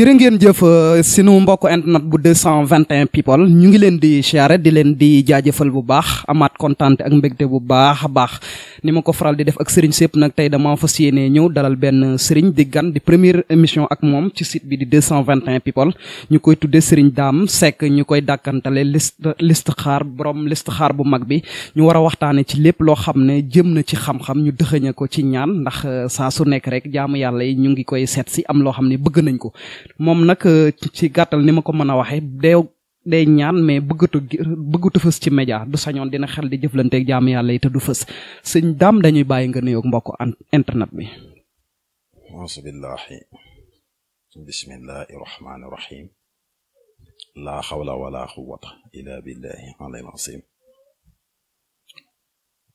jërë ngeen jëf euh, sinu mbokk internet bu 221 people ñu ngi leen di siyaare di leen di jaajafal bu baax amaat kontaan ak mbégte bu baax a baax ni ma ko faral di def ak sëriñ sépp nag tey dama fa yéene ñëw dalal benn sëriñ di gan di première émission ak moom ci site bi di 221 people ñu koy tudde sëriñ daam Seck ñu koy dàkkantale list listixaar borom xaar bu mag bi ñu war a waxtaane ci lépp loo xam ne jëm na ci xam-xam ñu dëxëña ko ci ñaan ndax euh, saa su nekk rek jaamu yàlla yi ñu ngi koy seet si am loo xam ne bëgg nañ ko moom nag euh, ci gàttal ni ma ko mën a waxee deew day ñaan mais bëggatu bëggatu fës ci média du sañoon dina xel di jëflanteeg jaamu yàlla yi te du fës sëñ daam dañuy bàyyi nga nuyoog mbokk internet bi. auzu billaahi bismillaahi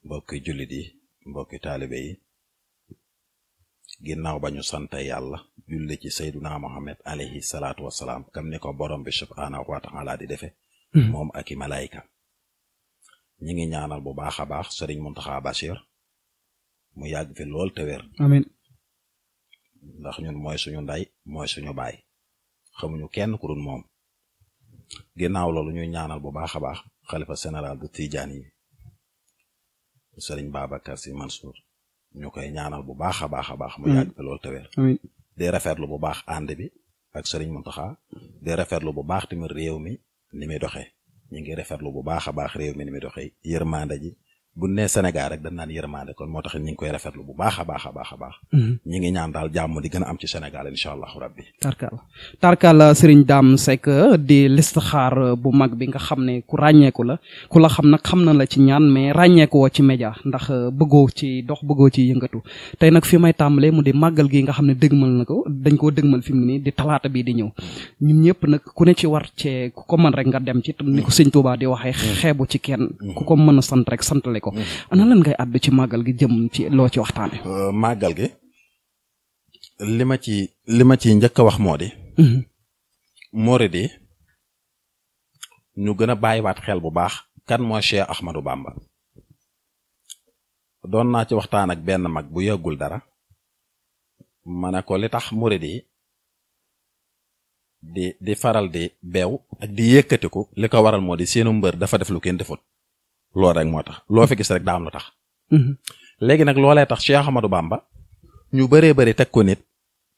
mbokki jullit yi mbokki taalibe yi. ginnaaw ba ñu sant yàlla julli ci sayduna muhammad alayhi salaatu wasalaam kam ni ko borom bi subhaanahu wa taala di defe hmm. moom ak i malayka ñi ngi ñaanal bu baax a baax sëriñ Muntaxa Bachir mu yàgg fi lool te wér ndax ñun mooy suñu nday mooy suñu baay xamuñu kenn ku dun moom ginnaaw loolu ñuy ñaanal bu baax a baax xalifa seneral du Tijaan yi sëriñ Babacar Si Mansour ñu koy ñaanal bu baax a baax a baax. mu mm. yàgg te loolu te wér. amiin di rafetlu bu baax ànd bi ak Serigne Mountakha. di rafetlu bu baax tamit réew mi ni muy doxee. ñu ngi rafetlu bu baax a baax réew mi ni muy doxee yërmande ji bu nee Sénégal rek dañ naan kon moo tax ñu ngi koy rafetlu bu baax a baax a baax a baax. Mhm. ñu ngi daal jàmm di gën a am ci Sénégal incha allahu rabbi. tarkala tarkala euh, Serigne euh, euh, bu mag bi nga xam ne ku ràññeeku la ku la xam nag xam na la ci ñaan mais ràññeeku ci média ndax bëggoo ci dox bëggoo ci yëngatu tey nag fi may tàmbalee mu di màggal gi nga xam ne dëgmal na ko dañ koo dëgmal fi mu ne nii di bii di ñëw ñun ñëpp ku ne ci war ko mën rek nga dem ci ni ko Serigne di waxee mm. xeebu ci kenn mm. ku ko mën a sant rek santale ko. Mm-hmm. ana lan ngay àddu ci màggal gi jëm ci loo ci waxtaane euh, màggal gi li ma ci li ma ci njëkk a wax moo di. Mm-hmm. Moride ñu gën a bàyyiwaat xel bu baax kan mooy Cheikh Ahmadou Bamba. doon naa ci waxtaan ak benn mag bu yàggul dara ma ne ko li tax murid yi di di faral di beew ak di yëkkatiku li ko waral moo di seenu mbër dafa def lu kenn defut loolu rek moo tax loo fi gis rek daa am lu tax. Mhm. léegi nag loolee tax Cheikh Ahmadou Bamba ñu bëree bëri teg ko nit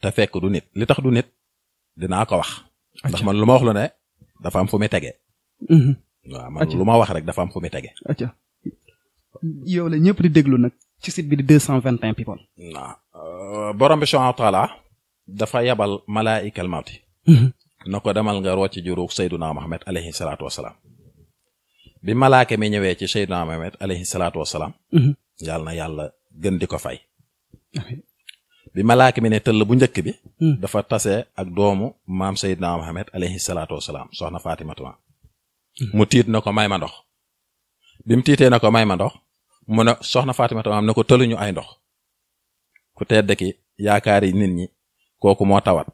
te fekk du nit li tax du nit dinaa ko wax. ndax man lu ma wax lu ne dafa am fu muy tegee. Mhm. waaw man lu ma wax rek dafa am fu muy tegee. yow la ñëpp di déglu nag ci site bi di cent vingt et un people. waaw euh, borom bi subhanahu wa taala dafa yabal malaayikal mawti mhm. na ko demal nga rocci juróog Seyduna Muhammad alayhi salaatu wa salaam. bi malaaka mi ñëwee ci Seydina Muhammad alayhi salaatu wasalaam mhm. yàlla yàlla gën di ko fay bi malaaka mi ne tëll bu njëkk bi hmm. dafa tase ak doomu maam Seydina Muhammad alayhi salaatu wasalaam soxna Faatimata hmm. mu tiit na ko may ma ndox bi mu tiitee na ko may ma ndox mu ne soxna Faatimata maam ne ko tëluñu ay ndox ku tedd ki yaakaar yi nit ñi kooku moo tawat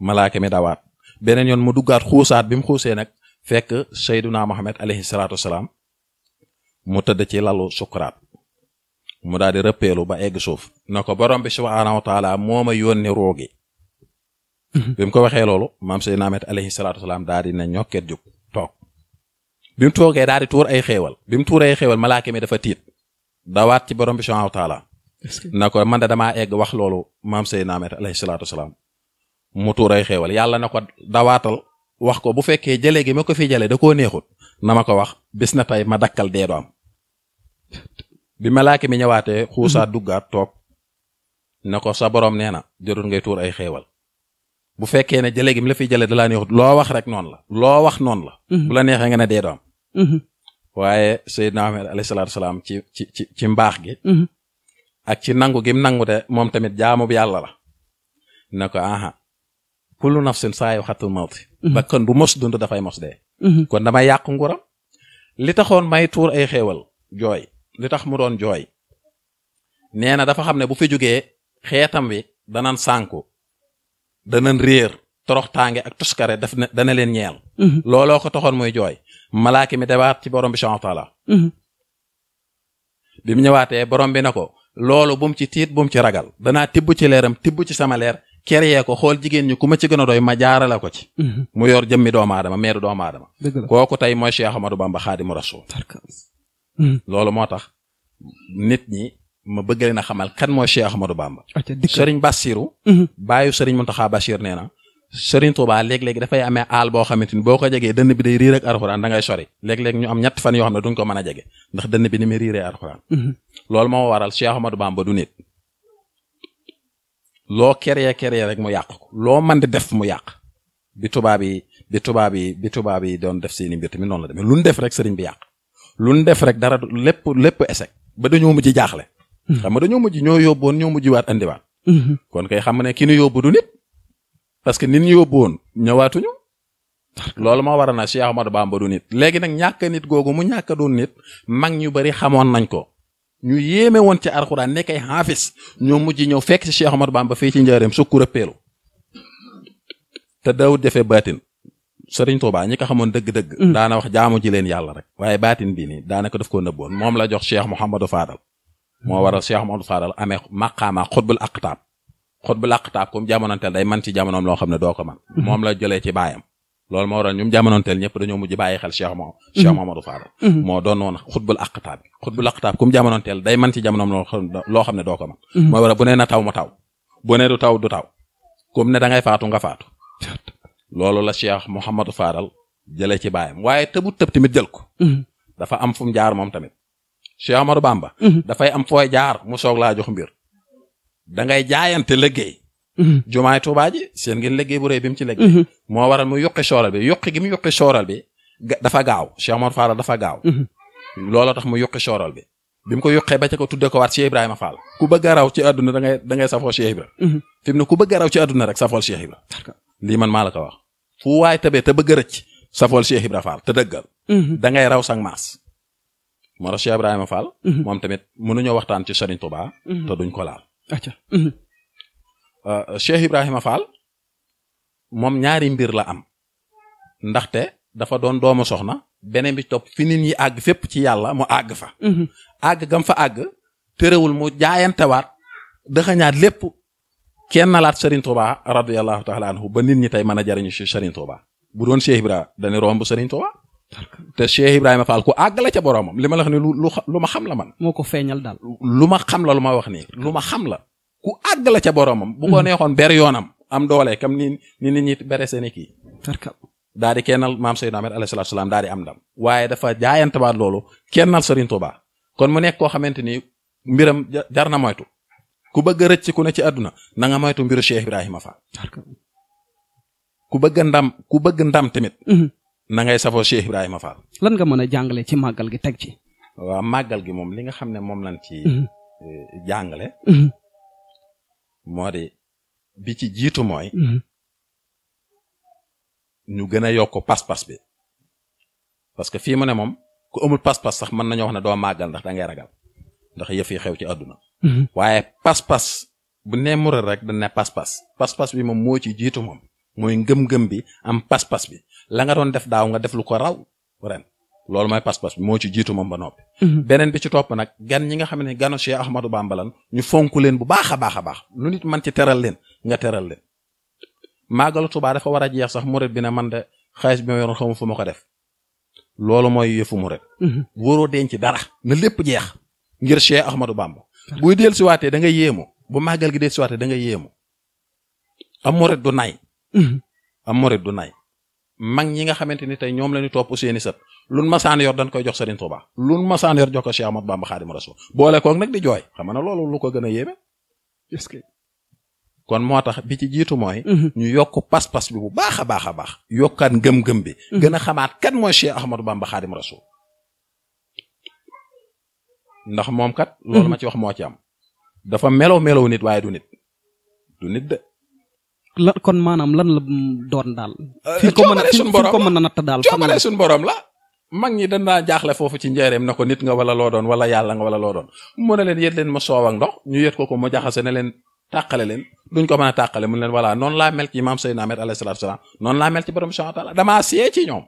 malaaka mi dawaat beneen yoon mu duggaat xuusaat bi mu xuusee nag fekk sayduna Muhammad alayhi salaatu wasalaam mu tëdd ci lalu sukuraat mu daal di rëppeelu ba egg suuf na ko borom bi subhaanahu wa taala moo ma yónni roogi mhm. bi ko waxee loolu maam sayduna Muhammad alayhi salaatu wasalaam daal di ne ñokket jóg toog bi mu toogee daal di tuur ay xéewal bi mu tuuree ay xéewal malaaka mi dafa tiit dawaat ci borom bi subhaanahu wa taala na ko man de damaa egg wax loolu maam sayduna Muhammad alayhi salaatu wasalaam mu tuur ay xéewal yàlla na ko dawaatal wax ko bu fekkee jale gi ma ko fi jale da koo neexut na ma ko wax bis na tey ma dakkal dee du am bi malaaka mi ñëwaatee xuusaa mhm. duggaat toog ne ko sa borom nee na jërul ngay tuur ay xeewal bu fekkee ne jale gi mi la fiy jëlee da laa neexut loo wax rek noonu la loo wax noonu la mhm. bu la neexee nga ne dee du am mhm. waaye Seydina Ahmed alayhi salaatu salaam ci ci ci mbaax gi ak ci nangu gi mu moom tamit jaamu bi yàlla la ne ko aha kullu nafsin saa yu xatul mawti mhm. bakkan bu mos dund dafay mos dee mhm. kon damay yàq nguram li taxoon may tuur ay xéewal jooy li tax mu doon jooy nee na dafa xam ne bu fi jógee xeetam bi dana danan sànku danan réer toroxtaange ak tuskare daf ne dana leen ñeel mhm. looloo ko taxoon muy jooy malaaki mi dewaat ci borom bi subhaanahu wa bi mu ñëwaatee borom bi na ko loolu bu ci tiit bu mu ci ragal danaa tibb ci leeram tibb ci sama leer yee ko xool jigéen ñi ku ma ci gën a doy ma jaarale ko ci. Mhm. mu yor jëmmi doomu aadama meeru doomu aadama. kooku tey mooy Cheikh Ahmadou Bamba Xaadimu Rasuul. Mhm. loolu moo tax nit ñi ma bëgg leen a xamal kan mooy Cheikh Ahmadou Bamba. Serigne Bassirou. Mhm. baayu Serigne Mountakha Bachir nee na. Serigne Touba léeg-léeg dafay amee aal boo xamante ni boo ko jegee dënn bi day riir ak arxuraan da ngay sori léeg-léeg ñu am ñetti fan yoo xam ne duñ ko mën a jege ndax dënn bi ni muy riiree arxuraan. loolu moo waral Cheikh Ahmadou Bamba du nit. loo keree keree rek mu yàq loo man di def mu yàq bi tubaab yi bi tubaab yi bi tubaab yi doon def seeni mbir tamit noonu la demee lu ñu def rek sëriñ bi yàq lu ñu def rek dara lépp lépp échec ba dañoo mujj jaaxle. Hmm. xam nga dañoo mujj ñoo yóbbu woon ñoo mujj waat andiwaat. Hmm. kon kay xam ne ki ñu yóbbu du nit. parce que nit ñu yóbbuwoon ñëwaatuñu. loolu moo waral na Cheikh Ahmadou Bamba du nit léegi nag ñàkk nit googu mu ñàkk doon nit mag ñu bari xamoon nañ ko. ñu yéeme woon ci alxuraan nekk ay ñoo mujji ñëw fekk ci Cheikh baam ba fii ci njaareem sukku rëppeelu te daawut defee baatin Sëriñ Tuubaa ñi ko xamoon dëgg-dëgg. Mm. daana wax jaamu ji leen yàlla rek. waaye baatin bii nii daanaka daf koo nëbboon moom la jox Cheikh Mouhamadou Fadal moo waral Cheikh Mouhamadou Fadal amee maqaama xutbul aqtaab xutbul aqtaab comme jamonoonteel day man ci jamonoom loo xam ne doo ko man mm-hmm. moom la jolee ci baayam loolu moo waral ñum jamonoonteel ñëpp dañoo mujj bàyyi xel Cheikh Mom mhm. Cheikh Mamadou mhm. moo doon woon xutbul aqtaab bi xutbul aqtaab ku mu jamonoonteel day man ci jamonoom loo xam ne doo ko man mhm. mooy waral bu nee na taw mu taw bu ne du taw du taw comme ne dangay ngay faatu nga faatu loolu la Cheikh Mouhamadou Fadal jëlee ci baayam waaye tëbu tëb tamit jël ko dafa am fu jaar moom tamit Cheikh Amadou Bamba dafay am fooy jaar mu soog laa jox mbir dangay jaayante liggéey Mm-hmm. jumaay Tuubaa ji seen ngeen liggéey bu rëy bi mu ci liggéey mm-hmm. moo waral mu yuqi sooral bi yuqi gi mu yuqi sooral bi dafa gaaw Cheikh Omar Fall dafa gaaw mm-hmm. looloo tax mu yuqi sooral bi bi mu ko yuqee ba ca ko tuddee ko waat Cheikh Ibrahima Fall ku bëgg raw ci àdduna da ngay da ngay safoo Cheikh Ibra fi ku bëgg ci àdduna rek safool Cheikh Ibra lii man maa la ko wax fu waaye tabee te bëgg a rëcc safool Cheikh Ibra Fall te dëggal da ngay raw sang maas moo tax Cheikh Ibrahima Fall moom tamit mënuñoo waxtaan ci Serigne Touba te ko laal Euh, Cheikh Ibrahima Fall moom ñaari mbir la am ndaxte dafa doon doomu soxna beneen bi topp fi nit ñi àgg fépp ci yàlla mu àgg fa mhm. àgg gam fa àgg tërëwul mu jaayantewaat dëxañaat lépp kenn laat Serigne Touba radiyallahu taala anhu ba nit ñi tey mën a jariñu si Serigne Touba bu doon Cheikh Ibrahima dañu romb Serigne Touba te Cheikh Ibrahima Fall ku àgg la ca boromam li ma la wax ni lu lu ma xam la man. moo ko feeñal daal. lu ma xam la lu ma wax nii lu ma xam la. ku àgg la ca boromam. bu ko mm-hmm. neexoon ber yoonam am doole kam ni ni nit ñi bere seen i kii. daadi di kennal maam Seydina Ahmed alayhi salaatu salaam daa di am ndam. waaye dafa jaayantabaat loolu kennal Serigne baa kon mu nekk koo xamante ni mbiram jar na moytu ku bëgg a rëcc ku ne ci àdduna nanga nga moytu mbiru Cheikh Ibrahima Fall. ku bëgg ndam ku bëgg ndam tamit. Mm-hmm. na ngay safoo Cheikh Ibrahima Fall. lan nga mën a jàngale ci màggal gi teg ci. waaw màggal gi moom li nga xam ne moom lan ci mm-hmm. eh, moo de bi ci jiitu mooy mm-hmm. ñu gën a yokk pas-pas bi parce que fii mu ne moom ku amul pas-pas sax mën nañoo wax ne doo màggal ndax da ngay ragal ndax yëf yi xew ci àdduna mm-hmm. waaye pas-pas bu nee mural rek dañ ne pas-pas pas-pas bi moom moo ci jiitu moom mooy ngëm-ngëm bi am pas-pas bi la nga doon def daaw nga def lu ko raw ren loolu mooy pas-pas moo ci jiitu moom ba noppi. Mhm. beneen bi ci topp nag gan ñi nga xam ne ganu Cheikh Ahmadou Bamba lan ñu fonk leen bu baax a baax a baax lu nit man ci teral leen nga teral leen. màggalu Tuubaa dafa war a jeex sax murit bi ne man de xaalis bi ma yoroon xamu fu ma ko def loolu mooy yëfu murit. Mhm. waroo ci dara na lépp jeex ngir Cheikh Ahmadou Bamba. buy dellu siwaatee da nga yéemu bu màggal gi dellu siwaatee da nga yéemu am du nay. Mhm. am murit du nay. mag ñi nga xamante ni tey ñoom la ñu seeni sët lun masaan yor dañ koy jox Serigne Touba lun masaan yor jox ko Cheikh Ahmad Bamba Xaadimu Rasuul boole koog nag di jooy xam loolu lu ko gën a yéeme. kon moo tax bi ci jiitu mooy. Mhm. ñu yokk pas-pas bi bu baax a baax a baax. yokkaat ngëm-ngëm bi. Mhm. gën a xamaat kan mooy Cheikh Ahmadou Bamba Xaadimu Rasuul ndax moom kat. Mhm. loolu ma ci wax moo ci am. dafa melow melow nit waaye du nit du nit de. lan kon maanaam lan la doon daal. Euh, fi ko mën a suñu borom la mag ñi danaa jaaxle foofu ci njaareem na ko nit nga wala loo doon wala yàlla nga wala loo doon mu ne leen yet leen ma soow ndox ñu yet ko ko mu jaxase ne leen tàqale leen duñ ko mën a tàqale mu ne leen voilà noonu laa mel ci maam Seydina Ahmed alayhi salaatu salaam noonu laa mel ci borom subhaanahu wa taala damaa see ci ñoom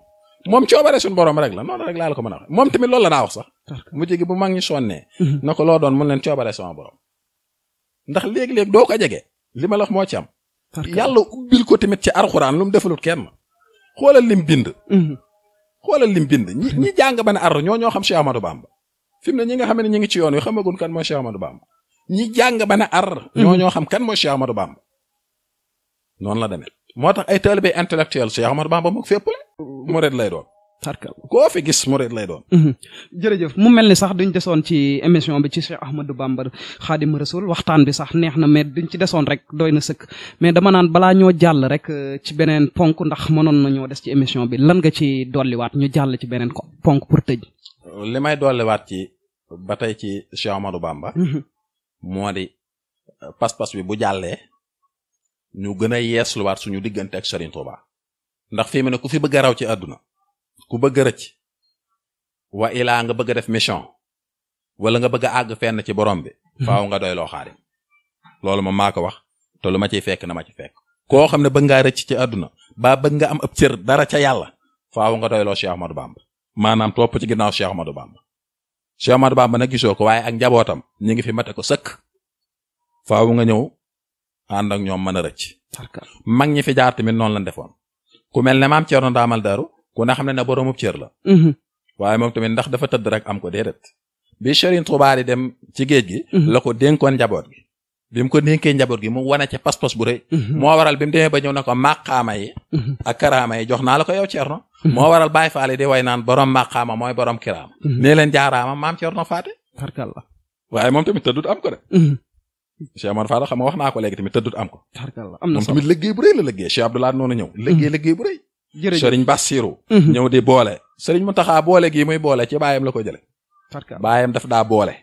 moom coobare suñu borom rek la noonu rek laa ko mën a wax moom tamit loolu la daa wax sax mu jigi bu mag ñi sonnee mhm. na ko loo doon mu ne leen coobare sama borom ndax léeg-léeg li ma la moo ci am yàlla ko tamit ci alxuraan lu mu defalut kenn xoolal lim bind mhm. xoolal lim bind ñi ñi jàng ba ar arro ñoo ñoo xam Cheikh Amadou Bamba fi mu ne ñi nga xam ne ñi ngi ci yoon wi xamagun kan mooy Cheikh Amadou Bamba ñi jàng ba ne ar ñoo ñoo xam kan mooy ma Amadou Bamba noonu la demee moo tax ay taalibe intellectuel Cheikh Amadou Bamba mook fépp la murid lay doon tarkal koo fi gis murid lay doon. Mhm. jërëjëf mu mel ni sax duñ desoon ci émission bi ci Cheikh Ahmadou Bamba Xaadim Rasul waxtaan bi sax neex na mais duñ ci desoon rek doy na sëkk mais dama naan balaa ñoo jàll rek euh, ci beneen ponk ndax mënoon na ñoo des ci émission bi lan nga ci dolliwaat ñu jàll ci beneen ponk pour tëj. li may dolliwaat ci ba tey ci Cheikh Ahmadou Bamba. Mhm. moo di euh, pas-pas bi bu jàllee ñu gën a yeesluwaat suñu diggante ak Serigne Touba ndax fii mu ne ku fi bëgg a raw ci àdduna. ku bëgg rëcc wa ilaa nga bëgg a def mission wala nga bëgg a àgg fenn ci borom bi mhm. faaw nga doy loo loolu moom maa ko wax te lu ma ciy fekk na ma ci fekk koo xam ne bëgg ngaa rëcc ci àdduna baa bëgg nga am ab cër dara ca yàlla faaw nga doy loo Cheikh Ahmadou Bamba maanaam topp ci ginnaaw Cheikh Ahmadou Bamba Cheikh Ahmadou Bamba nag gisoo ko waaye ak njabootam ñu ngi fi mate ko sëkk faaw nga ñëw ànd ak ñoom mën a rëcc mag ñi fi jaar tamit noonu lañ defoon ku mel ne maam Ceerno Ndaamal Daaru ku na xam ne na boroomub cër la mm-hmm. waaye moom tamit ndax dafa tëdd rek am ko déedéet bi Sëriñ Tuubaa dem ci géej gi mm-hmm. la ko dénkoon njaboot gi bi mu ko dénkee njaboot gi mu wane ca pas-pas bu rëy mm-hmm. moo waral bi mu demee ba ñëw na ko màqaama yi ak karaama yi jox naa la ko yow Cerno moo waral Baay Faal yi di way naan borom màqaama mooy borom kiraama nee leen jaaraama maam Cerno Faate tarkalla waaye moom tamit tëddut am ko de Cheikh Omar Faal wax naa ko léegi tamit tëddut am ko tarkalla am na moom tamit liggéey bu rëy la liggéey Cheikh Abdoulaye jërëjëf sëriñ Bassirou. Mhm. ñëw di boole. sëriñ Mountakha boole gii muy boole ci baayam la ko jële baayam daf daa boole.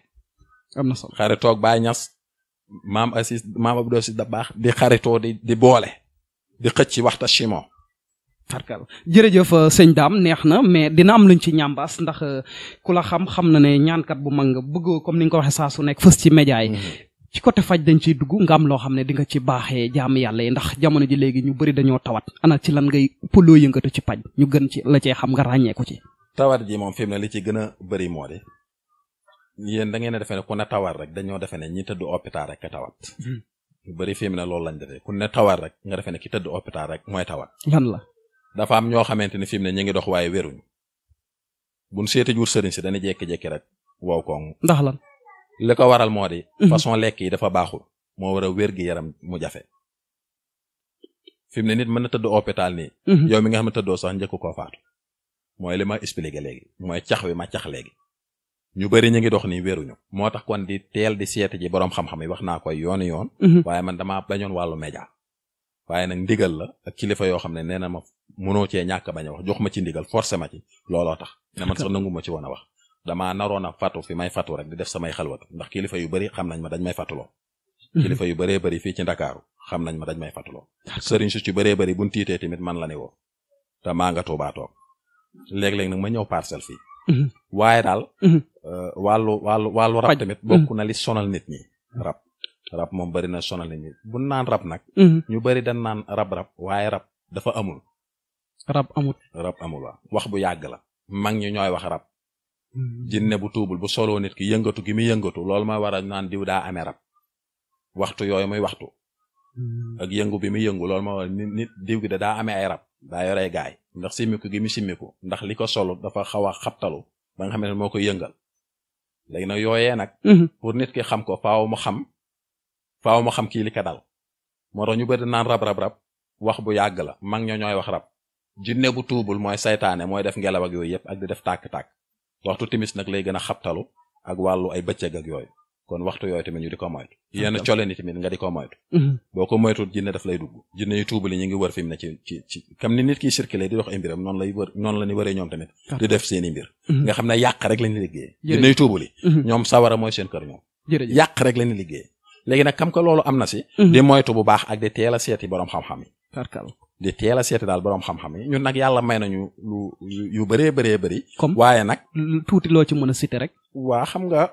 am na solo xaritoog Baay Ñas maam Assis maam Abdou Assis da baax di xaritoo di di boole. di xëcc waxta chimon. tarkal jërëjëf euh, sëñ daam neex na mais dina am luñ ci ñambaas ndax euh, ku la xam xam na ne ñaankat bu mag nga bëgg comme ni nga ko waxee saa su nekk fës ci média yi. Mhm. ci côté faj dañ ciy dugg ngaam loo xam ne di nga ci baaxee jaam yàlla yi ndax jamono ji léegi ñu bëri dañoo tawat ana ci lan ngay pëloo yëngatu ci paj ñu gën ci la cee xam nga ràññeeku ci. tawat ji moom fi mu ne li ci gën a bëri moo de yéen da ngeen a defee ne ku ne tawat rek dañoo defee ne ñi tëdd hôpital rek a tawat. ñu hmm. bëri fi ne loolu lañ defee ku ne tawat rek nga defee ne ki tëdd hôpital rek mooy tawat. lan la. dafa am ñoo xamante ni fi mu ne ñu ngi dox waaye wéruñ buñ seeti jur sëriñ si dañuy jékki-jékki rek wow ndax lan li ko waral moo di. Mhm. façon lekk yi dafa baaxul. moo war wér gi yaram mu jafe. fi mu ne nit mën na tëdd hôpital nii. Mhm. yow mi nga xam ne tëddoo sax njëkk ko faatu. mooy li ma expliqué léegi mooy cax wi ma cax léegi. ñu bari ñu ngi dox nii wéruñu. moo tax kon di teel di seeti ji borom xam-xam yi wax naa koy yoonu yoon. Mhm. waaye man damaa bañoon wàllu média. waaye nag ndigal la ak kilifa yoo xam ne nee na ma mënoo cee ñàkk bañ a wax jox ma ci ndigal forcé ma ci. looloo tax ne man sax nangu ma ci woon a wax. damaa naroon a fatu fi may fatu rek di def samay xalwatu ndax kilifa yu bëri xam nañ ma dañ may fatuloo mhm. kilifa yu bëree bëri fii ci ndakaaru xam nañ ma dañ may fatuloo sëriñ su ci bëree bëri buñ tiitee tamit man la ne woo te maa nga tuubaa toog léeg-léeg nag ma ñëw parcelle fii mhm. waaye daal mhm. euh, wàllu wàllu wàllu rab tamit bokk na li sonal nit ñi rab rab moom bari na sonal nit ñi bu naan rab nag ñu bëri dañ naan rab-rab waaye rab dafa amul rab amul rab wax bu yàgg la mag ñi ñooy wax rab Mm-hmm. jinne bu tuubul bu soloo nit ki yëngatu gi muy yëngatu lool ma waral naan diw daa ame rab waxtu yooyu muy waxtu mm-hmm. ak yëngu bi muy yëngu lool ma waral nit diw gi da daa amee ay rab daa yoree gaay ndax simmiku gi mu simmiku ndax li ko solo dafa xaw a xabtalu ba nga xam ne moo koy yëngal léegi nag yooyee nag mm-hmm. pour nit ki xam ko faaw mu xam faaw mu xam kii li ko dal moo tax ñu bëri naan rab rab rab wax bu yàgg la mag ñoo ñooy wax rab jinne bu tuubul mooy seytaane mooy def ngelaw ak yooyu yëpp ak di def tàkk-tàkk waxtu timis nag lay gën a xabtalu ak wàllu ay bëccëg ak yooyu kon waxtu yooyu tamit ñu di ko moytu yenn cole ni tamit nga di ko moytu mm-hmm. boo ko moytu jinne daf lay dugg jinne yu tuubali ñu ngi wër fi ne ci ci ci comme ni nit kiy circulé di dox ay mbiram noonu lay wër noonu la ñu wëree ñoom tamit di def seen i mm-hmm. nga xam ne yàq rek lañu liggéey jinne yu tuubali mm-hmm. ñoom sawara mooy seen kër ñoom yàq rek lañu liggéey léegi nag kam ko loolu am na si di moytu bu baax ak di teel a seeti boroom xam-xam yi di teel a seeti daal boroom xam-xam yi ñun nag yàlla may nañu yu bëree bëree bëri. comme waaye nag. tuuti loo ci mën a citer rek. waa xam nga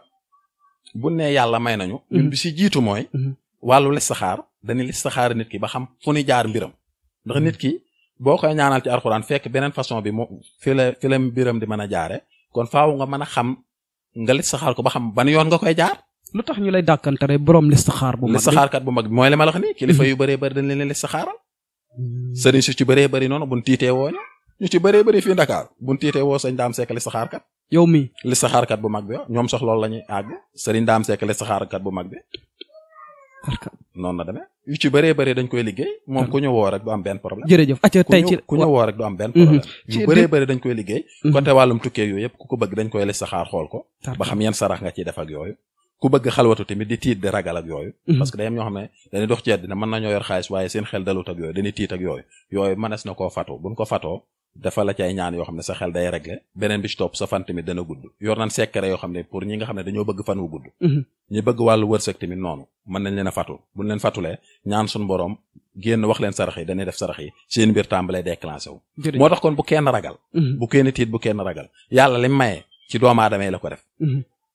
bu ne yàlla may nañu. ñun mm-hmm. bi si jiitu mooy. Mm-hmm. wàllu listixaar dañuy listixaar nit ki ba xam fu ñu jaar mbiram ndax nit ki boo koy ñaanal ci arxuraan fekk beneen façon bi moo fi la mbiram di mën a jaare kon faaw nga mën a xam nga listixaar ko ba xam ban yoon nga koy jaar. lu tax ñu lay dàkkantare borom listixaar bu mag Mm. sëriñ si ci bëree bëri noonu buñ tiitee woo ñu ñu ci bëree bëri fii bu buñ tiitee woo sëñ daam sekk listixaarkat yow mi listixaarkat bu mag bi ñoom sax loolu la ñuy àgg sëriñ daam sekk listixaarkat bu mag bi noonu la demee yu ci bëree bëri dañ koy liggéey moom ah. ku ñu woo rek du am benn problème jërëjëf ku ñu woo rek du am benn mhm. problème yu bëree bëri dañ koy liggéey mhm. côté wàllum tukkee yooyu yëpp ku ko bëgg dañ koy listixaar xool ko ba xam yan sarax nga ciy def ak yooyu ku bëgg xalwatu tamit di tiit di ragal ak yooyu mhm. parce que day ñoo xam ne dañuy dox ci àddina mën nañoo yor xaalis waaye seen xel dalut ak yooyu dañuy tiit ak yooyu yooyu mënees na koo fatu buñ ko fatoo dafa la ñaan yoo xam ne sa xel day régler beneen bi ci topp sa fan tamit dana gudd yor nañ sekkare yoo xam ne pour ñi nga xam ne dañoo bëgg fan wu gudd mhm. ñi bëgg wàllu wërsëg tamit noonu mën nañ leen a fatu buñ leen fatulee ñaan suñu boroom génn wax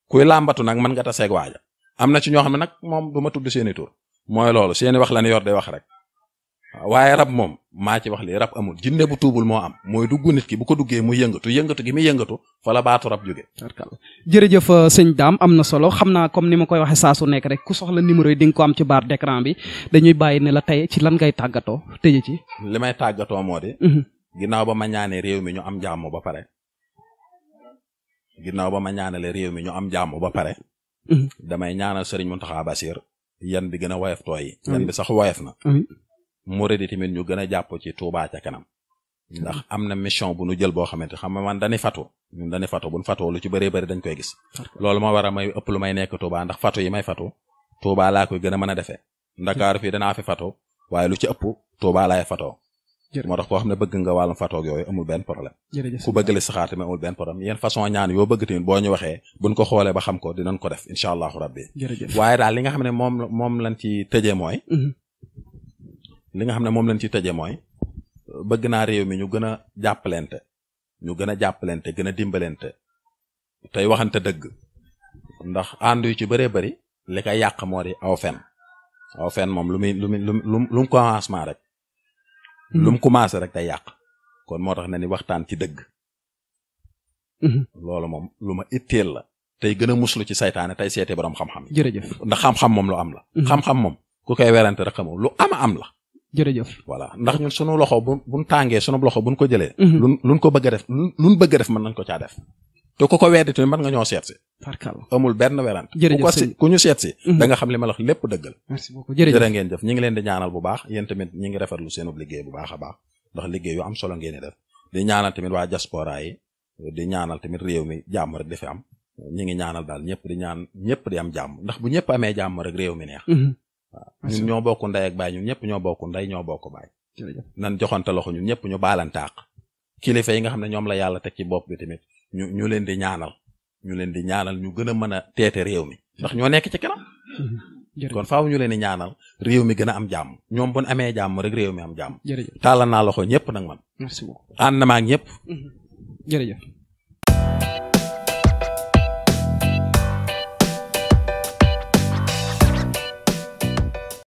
kuy làmbatu nag man nga seeg waaja am na ci ñoo xam ne nag moom du ma tudd seeni tur mooy loolu seeni wax la ne yor day wax rek waaye rab moom maa ci wax lii rab amul jinne bu tuubul moo am mooy duggu nit ki bu ko duggee mu yëngatu yëngatu gi mu yëngatu fa la baatu rab jóge jërëjëf euh, sëñ daam am na solo xam naa comme ni ma koy waxee saa su nekk rek ku soxla numéro yi di ko am ci baar d'écran bi dañuy bàyyi ne la tey ci lan ngay tàggatoo tëje ci li may tàggatoo moo di mhm. ginnaaw ba ma réew mi ñu am jàmm ba pare ginnaaw ba ma ñaanale réew mi ñu am jàmm ba pare. Mhm. damay ñaanal Serigne Mountakha Bassir yan bi gën a woyof tooy. yan bi sax woyof na. Mouride tamit ñu gën a jàpp ci Touba ca kanam. ndax am na mission bu nu jël boo xamante xam nga man dañuy fatu ñun dañuy fatu buñ fato lu ci bëree bëri dañ koy gis. loolu ma war a may ëpp lu may nekk Touba ndax fatu yi may fatu Touba laa koy gën a mën a defee. Ndakaaru fii danaa fi fatu waaye lu ci ëpp Touba laay fatoo moo tax koo xam ne bëgg nga wàllum fatoog yooyu amul benn problème ku bëgg li saxaar tamit amul benn problème yéen façon ñaan yoo bëgg tamit boo ñu waxee buñ ko xoolee ba xam ko dinañ ko def incha allahu rabbi waaye daal li nga xam ne moom moom lañ ci tëjee mooy mm-hmm. nga xam ne moom lañ ci tëjee mooy bëgg naa réew mi ñu gën a jàppalente ñu gën a jàppalente gën a dimbalente tey waxante dëgg ndax ànd yu ci bëree bari li koy yàq moo di aw fen aw fen moom lu muy lu muy lu lu mu commencement rek Mm-hmm. lu mu commencé rek day yàq kon moo tax na ni waxtaan ci dëgg mm-hmm. loolu moom lu ma itteel la tey gën a muslu ci seytaane tey seete borom xam-xam yi jërëjëf ndax xam-xam moom lu am la mm-hmm. xam-xam moom ku koy werante rek xamoo lu ama am la jërëjëf voilà ndax ñun sunu loxo bu buñ tàngee sunu loxo buñ ko jëlee. lu luñ ko bëgg a def luñ bëgg a def mën nañ ko caa def. te ku ko weddi tamit mën nga ñoo seet si amul benn werant ku ko si ku ñu seet si mhm. da xam li ma la lépp dëggal jërë ngeen jëf ñi ngi leen di ñaanal bu baax yéen tamit ñi ngi rafetlu seen liggéey bu baax a baax ndax liggéey yu am solo ngeen di def di ñaanal tamit waa diaspora yi di ñaanal tamit réew mi jàmm rek di am ñi ngi ñaanal daal ñëpp di ñaan ñëpp di am jàmm ndax bu ñëpp amee jàmm rek réew mi neex mhm. ñun ñoo bokk ndey ak baay ñun ñëpp ñoo bokk ndey ñoo bokk baay nan joxante loxo ñun ñëpp ñu baalantaaq kilifa yi nga xam ne ñoom la yàlla teg ci bopp bi ñu ñu leen di ñaanal ñu leen di ñaanal ñu gën a mën a teete réew mi ndax ñoo nekk ci kanam. kon faaw ñu leen di ñaanal réew mi gën a am jàmm ñoom bu ñu amee jàmm rek réew mi am jàmm. jërëjëf tàllal naa loxo ñëpp nag man. merci beaucoup ànd